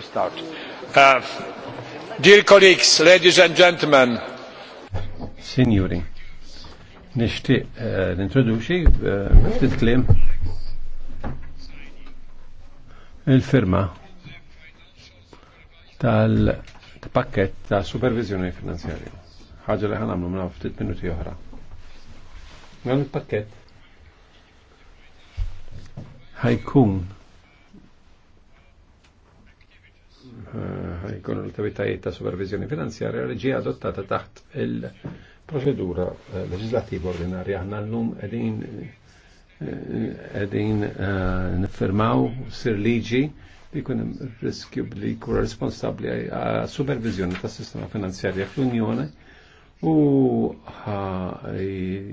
start. Uh, dear colleagues, ladies and gentlemen. Signori, nishti uh, nintroduċi uh, titlim il-firma tal-pakket tal supervizjoni finanzjarja. ħaġa li ħanamlu minna ftit minuti oħra. Għan il-pakket ħajkun jkunu l-attivitajiet ta' supervizjoni finanzjarja li ġie adottata taħt il-proċedura eh, leġislativa ordinarja. Aħna l-lum edin edin eh, eh, nifirmaw sir liġi li kun riskju li kun responsabli għal supervizjoni ta' sistema finanzjarja fl-Unjoni u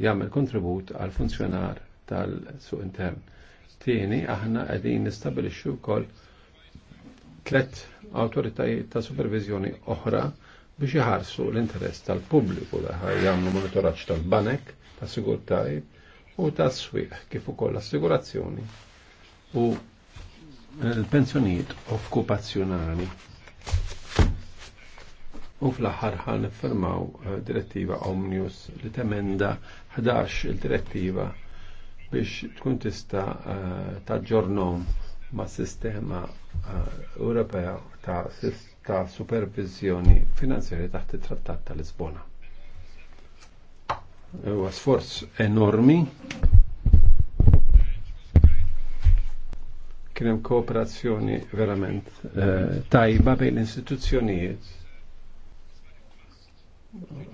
jagħmel kontribut għal funzjonar tal-suq intern. Tieni aħna qegħdin nistabilixxu wkoll tlet autoritajiet ta' supervizjoni oħra biex jħarsu l-interess tal-pubbliku li jagħmlu monitoraġġ tal-banek, ta' sigurtajiet u ta' swieq kif ukoll assigurazzjoni u eh, l-pensjonijiet okkupazzjonali. U fl-aħħar ħal niffermaw eh, direttiva Omnius li temenda 11 il-direttiva biex tkun tista eh, taġġornom ma' sistema Eh, Ewropea ta' ta' supervizjoni finanzjarja taħt it-Trattat ta' Lisbona. Huwa sforz enormi kien hemm kooperazzjoni verament eh, tajba bejn l-istituzzjonijiet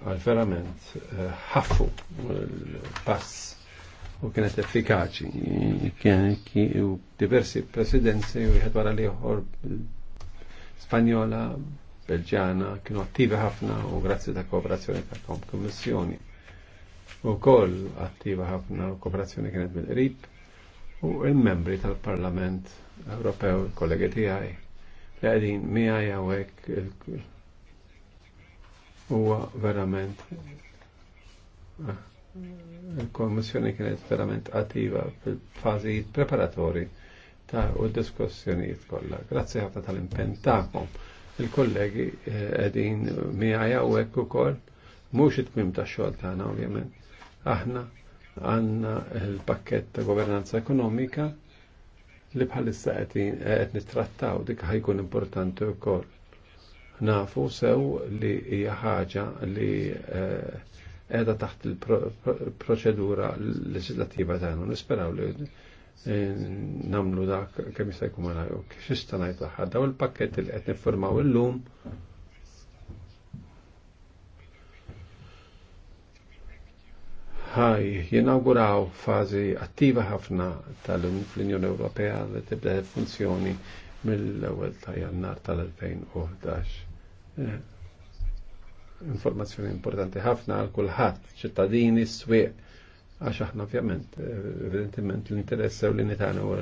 għal verament eh, ħaffu l-pass u kienet effikaċi. Kien diversi presidenzi u jħed wara li uħor Spanjola, Belġana, kienu attivi ħafna u grazzi ta' kooperazzjoni ta' kommissjoni. U kol attiva ħafna u kooperazzjoni kienet bil rib u il-membri tal-Parlament Ewropew, kollegi tiegħi li qegħdin miegħi għawek u verament il-Kommissjoni kienet verament attiva fil fazi preparatori ta' u diskussjonijiet kollha. Grazzi ħafna tal-impenn tagħkom. Il-kollegi eh, qegħdin u hawnhekk ukoll mhux it-tmim tax-xogħol tagħna ovvjament. Aħna għandna l-pakkett ta' governanza ekonomika li bħalissa qed nittrattaw dik ħajkun importanti wkoll. Nafu sew li hija ħaġa li eh, edha taħt il-proċedura leġislativa tagħna. Nisperaw li eh, namlu dak kemm jista' jkun malajr u xista ngħid aħħar daw il-pakket li qed niffurmaw illum ħaj jinawguraw fażi attiva ħafna tal-Unjoni Ewropea li tibda funzjoni mill-ewwel ta' jannar tal-2011. Eh, informazzjoni importanti ħafna għal kulħadd, ċittadini, swieq, għax aħna ovvjament, eh, evidentement l-interess u l nitana u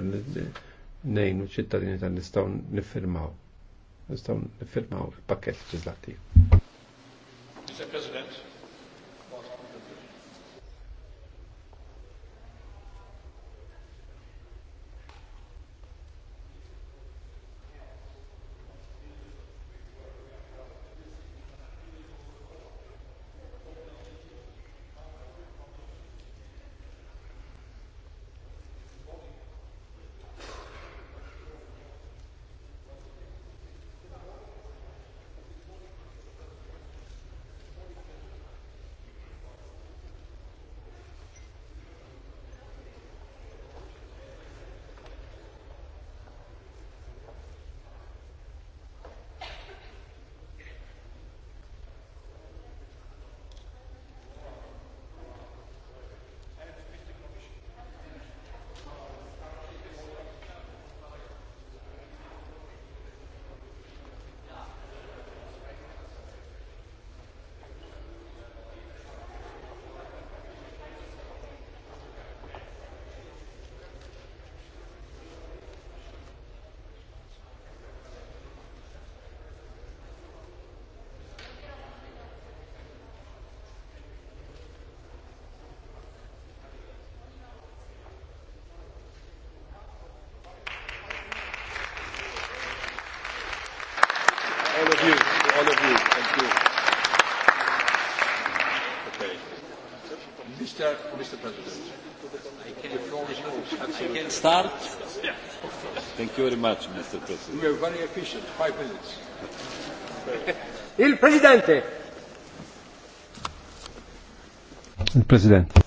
nejn u ċittadini ta' nistgħu niffirmaw. Nistgħu niffirmaw il-pakket leġislattiv. Mr. President, Okay. Mr. Mr. President, the floor is yours. I can start. Thank you very much, Mr. President. We are very efficient. Five minutes. Il Presidente. Il Presidente.